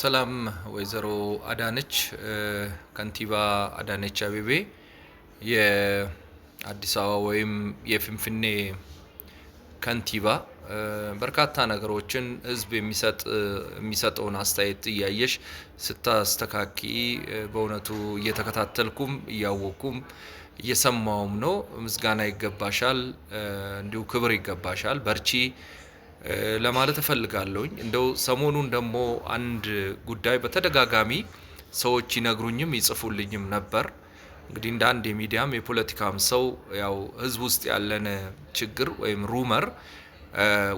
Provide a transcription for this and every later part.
ሰላም ወይዘሮ አዳነች ከንቲባ አዳነች አቤቤ የአዲስ አበባ ወይም የፍንፍኔ ከንቲባ በርካታ ነገሮችን ህዝብ የሚሰጠውን አስተያየት እያየሽ ስታስተካኪ በእውነቱ እየተከታተልኩም እያወቅኩም እየሰማውም ነው። ምስጋና ይገባሻል፣ እንዲሁ ክብር ይገባሻል። በርቺ ለማለት እፈልጋለሁኝ። እንደው ሰሞኑን ደግሞ አንድ ጉዳይ በተደጋጋሚ ሰዎች ይነግሩኝም ይጽፉልኝም ነበር። እንግዲህ እንደ አንድ የሚዲያም የፖለቲካም ሰው ያው ህዝብ ውስጥ ያለን ችግር ወይም ሩመር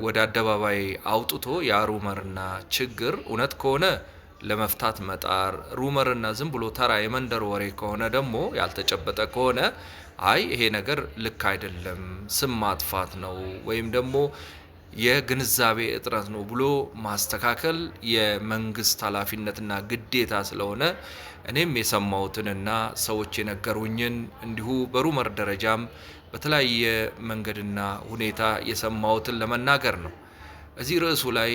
ወደ አደባባይ አውጥቶ ያ ሩመርና ችግር እውነት ከሆነ ለመፍታት መጣር፣ ሩመርና ዝም ብሎ ተራ የመንደር ወሬ ከሆነ ደግሞ ያልተጨበጠ ከሆነ አይ ይሄ ነገር ልክ አይደለም፣ ስም ማጥፋት ነው ወይም ደግሞ የግንዛቤ እጥረት ነው ብሎ ማስተካከል የመንግስት ኃላፊነትና ግዴታ ስለሆነ እኔም የሰማሁትንና ሰዎች የነገሩኝን እንዲሁ በሩመር ደረጃም በተለያየ መንገድና ሁኔታ የሰማሁትን ለመናገር ነው። እዚህ ርዕሱ ላይ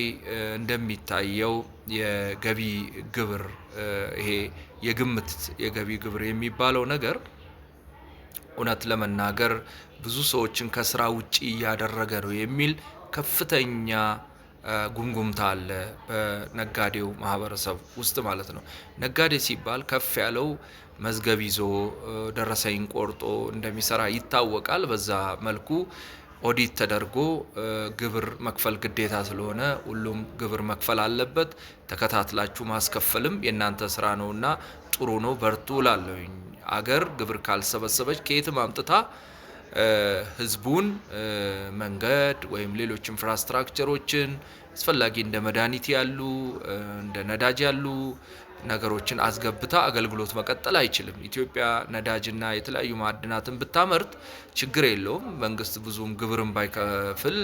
እንደሚታየው የገቢ ግብር ይሄ የግምት የገቢ ግብር የሚባለው ነገር እውነት ለመናገር ብዙ ሰዎችን ከስራ ውጪ እያደረገ ነው የሚል ከፍተኛ ጉምጉምታ አለ በነጋዴው ማህበረሰብ ውስጥ ማለት ነው። ነጋዴ ሲባል ከፍ ያለው መዝገብ ይዞ ደረሰኝ ቆርጦ እንደሚሰራ ይታወቃል። በዛ መልኩ ኦዲት ተደርጎ ግብር መክፈል ግዴታ ስለሆነ ሁሉም ግብር መክፈል አለበት። ተከታትላችሁ ማስከፈልም የእናንተ ስራ ነውና ጥሩ ነው፣ በርቱ ላለኝ አገር ግብር ካልሰበሰበች ከየትም አምጥታ ህዝቡን መንገድ ወይም ሌሎች ኢንፍራስትራክቸሮችን አስፈላጊ እንደ መድኃኒት ያሉ እንደ ነዳጅ ያሉ ነገሮችን አስገብታ አገልግሎት መቀጠል አይችልም። ኢትዮጵያ ነዳጅና የተለያዩ ማዕድናትን ብታመርት ችግር የለውም። መንግስት ብዙም ግብርን ባይከፍል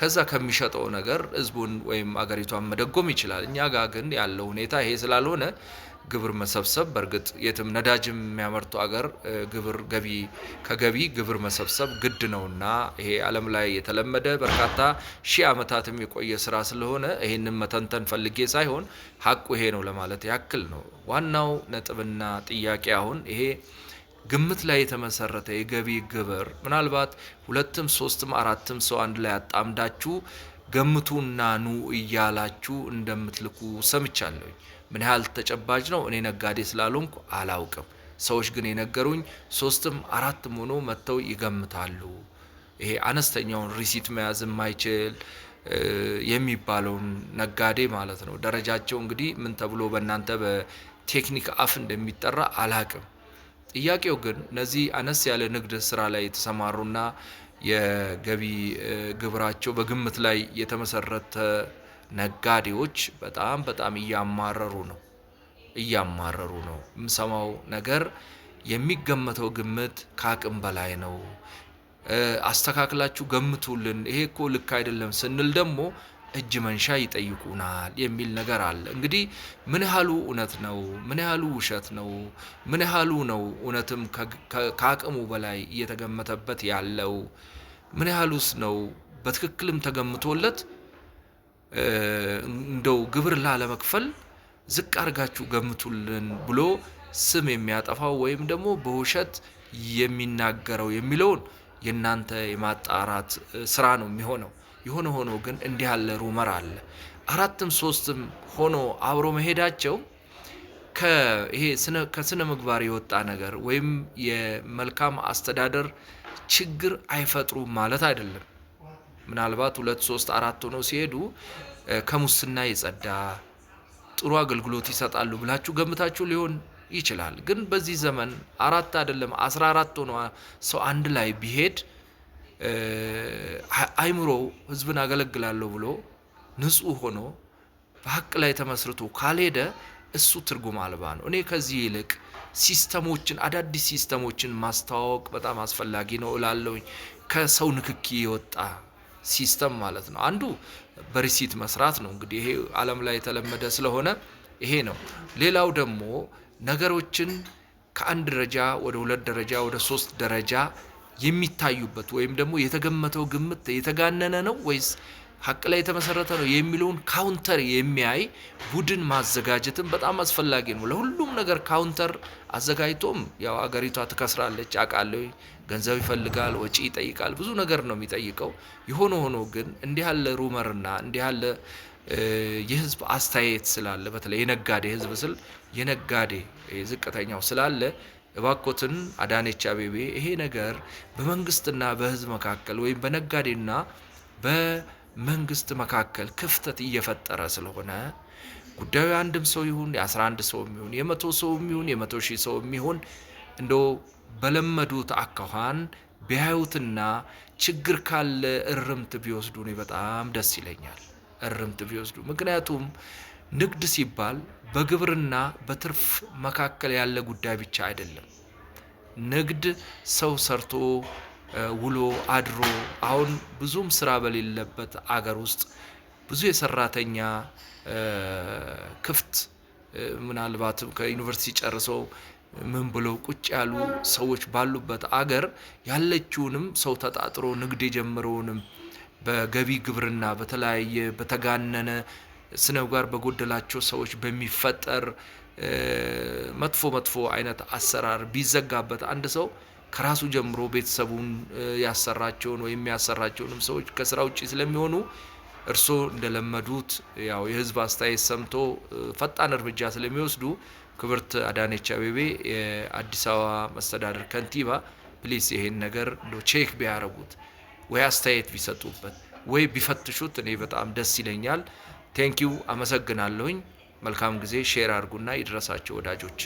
ከዛ ከሚሸጠው ነገር ህዝቡን ወይም አገሪቷን መደጎም ይችላል። እኛ ጋር ግን ያለው ሁኔታ ይሄ ስላልሆነ ግብር መሰብሰብ በእርግጥ የትም ነዳጅም የሚያመርቱ አገር ግብር ገቢ ከገቢ ግብር መሰብሰብ ግድ ነውና ይሄ ዓለም ላይ የተለመደ በርካታ ሺህ ዓመታትም የቆየ ስራ ስለሆነ ይህንም መተንተን ፈልጌ ሳይሆን ሀቁ ይሄ ነው ለማለት ያክል ነው። ዋናው ነጥብና ጥያቄ አሁን ይሄ ግምት ላይ የተመሰረተ የገቢ ግብር ምናልባት ሁለትም ሶስትም አራትም ሰው አንድ ላይ አጣምዳችሁ ገምቱና ኑ እያላችሁ እንደምትልኩ ሰምቻለሁኝ። ምን ያህል ተጨባጭ ነው እኔ ነጋዴ ስላልሆንኩ አላውቅም። ሰዎች ግን የነገሩኝ ሶስትም አራትም ሆኖ መጥተው ይገምታሉ። ይሄ አነስተኛውን ሪሲት መያዝ የማይችል የሚባለውን ነጋዴ ማለት ነው። ደረጃቸው እንግዲህ ምን ተብሎ በእናንተ በቴክኒክ አፍ እንደሚጠራ አላቅም። ጥያቄው ግን እነዚህ አነስ ያለ ንግድ ስራ ላይ የተሰማሩና የገቢ ግብራቸው በግምት ላይ የተመሰረተ ነጋዴዎች በጣም በጣም እያማረሩ ነው እያማረሩ ነው። የምሰማው ነገር የሚገመተው ግምት ከአቅም በላይ ነው፣ አስተካክላችሁ ገምቱልን፣ ይሄ እኮ ልክ አይደለም ስንል ደግሞ እጅ መንሻ ይጠይቁናል የሚል ነገር አለ። እንግዲህ ምን ያህሉ እውነት ነው? ምን ያህሉ ውሸት ነው? ምን ያህሉ ነው እውነትም ከአቅሙ በላይ እየተገመተበት ያለው? ምን ያህሉስ ነው በትክክልም ተገምቶለት እንደው ግብር ላለመክፈል ዝቅ አድርጋችሁ ገምቱልን ብሎ ስም የሚያጠፋው ወይም ደግሞ በውሸት የሚናገረው የሚለውን የእናንተ የማጣራት ስራ ነው የሚሆነው። የሆነ ሆኖ ግን እንዲህ ያለ ሩመር አለ። አራትም ሶስትም ሆኖ አብሮ መሄዳቸው ከስነ ምግባር የወጣ ነገር ወይም የመልካም አስተዳደር ችግር አይፈጥሩም ማለት አይደለም። ምናልባት ሁለት ሶስት አራት ሆኖ ሲሄዱ ከሙስና የጸዳ ጥሩ አገልግሎት ይሰጣሉ ብላችሁ ገምታችሁ ሊሆን ይችላል። ግን በዚህ ዘመን አራት አይደለም አስራ አራት ሆኖ ሰው አንድ ላይ ቢሄድ አይምሮው ህዝብን አገለግላለሁ ብሎ ንጹህ ሆኖ በሀቅ ላይ ተመስርቶ ካልሄደ እሱ ትርጉም አልባ ነው። እኔ ከዚህ ይልቅ ሲስተሞችን አዳዲስ ሲስተሞችን ማስተዋወቅ በጣም አስፈላጊ ነው እላለሁኝ። ከሰው ንክኪ የወጣ ሲስተም ማለት ነው። አንዱ በሪሲት መስራት ነው። እንግዲህ ይሄ ዓለም ላይ የተለመደ ስለሆነ ይሄ ነው። ሌላው ደግሞ ነገሮችን ከአንድ ደረጃ ወደ ሁለት ደረጃ ወደ ሶስት ደረጃ የሚታዩበት ወይም ደግሞ የተገመተው ግምት የተጋነነ ነው ወይስ ሀቅ ላይ የተመሰረተ ነው የሚለውን ካውንተር የሚያይ ቡድን ማዘጋጀትም በጣም አስፈላጊ ነው። ለሁሉም ነገር ካውንተር አዘጋጅቶም ያው አገሪቷ ትከስራለች አውቃለሁ። ገንዘብ ይፈልጋል፣ ወጪ ይጠይቃል፣ ብዙ ነገር ነው የሚጠይቀው። የሆነ ሆኖ ግን እንዲህ ያለ ሩመርና እንዲህ ያለ የህዝብ አስተያየት ስላለ በተለይ የነጋዴ ህዝብ ስል የነጋዴ ዝቅተኛው ስላለ እባኮትን አዳነች አቤቤ ይሄ ነገር በመንግስትና በህዝብ መካከል ወይም በነጋዴና በመንግስት መካከል ክፍተት እየፈጠረ ስለሆነ ጉዳዩ አንድም ሰው ይሁን የ11 ሰው የሚሆን የመቶ ሰው የሚሆን የመቶ ሺህ ሰው የሚሆን እንደ በለመዱት አካኋን ቢያዩትና ችግር ካለ እርምት ቢወስዱ እኔ በጣም ደስ ይለኛል። እርምት ቢወስዱ ምክንያቱም ንግድ ሲባል በግብርና በትርፍ መካከል ያለ ጉዳይ ብቻ አይደለም። ንግድ ሰው ሰርቶ ውሎ አድሮ አሁን ብዙም ስራ በሌለበት አገር ውስጥ ብዙ የሰራተኛ ክፍት ምናልባትም ከዩኒቨርሲቲ ጨርሰው ምን ብለው ቁጭ ያሉ ሰዎች ባሉበት አገር ያለችውንም ሰው ተጣጥሮ ንግድ የጀመረውንም በገቢ ግብርና በተለያየ በተጋነነ ስነ ምግባር በጎደላቸው ሰዎች በሚፈጠር መጥፎ መጥፎ አይነት አሰራር ቢዘጋበት አንድ ሰው ከራሱ ጀምሮ ቤተሰቡን ያሰራቸውን ወይም የሚያሰራቸውንም ሰዎች ከስራ ውጭ ስለሚሆኑ እርስዎ እንደለመዱት ያው የህዝብ አስተያየት ሰምቶ ፈጣን እርምጃ ስለሚወስዱ ክብርት አዳነች አቤቤ የአዲስ አበባ መስተዳደር ከንቲባ ፕሊስ ይሄን ነገር ቼክ ቢያረጉት ወይ አስተያየት ቢሰጡበት ወይ ቢፈትሹት እኔ በጣም ደስ ይለኛል። ቴንኪው አመሰግናለሁኝ። መልካም ጊዜ። ሼር አድርጉና ይድረሳቸው ወዳጆች።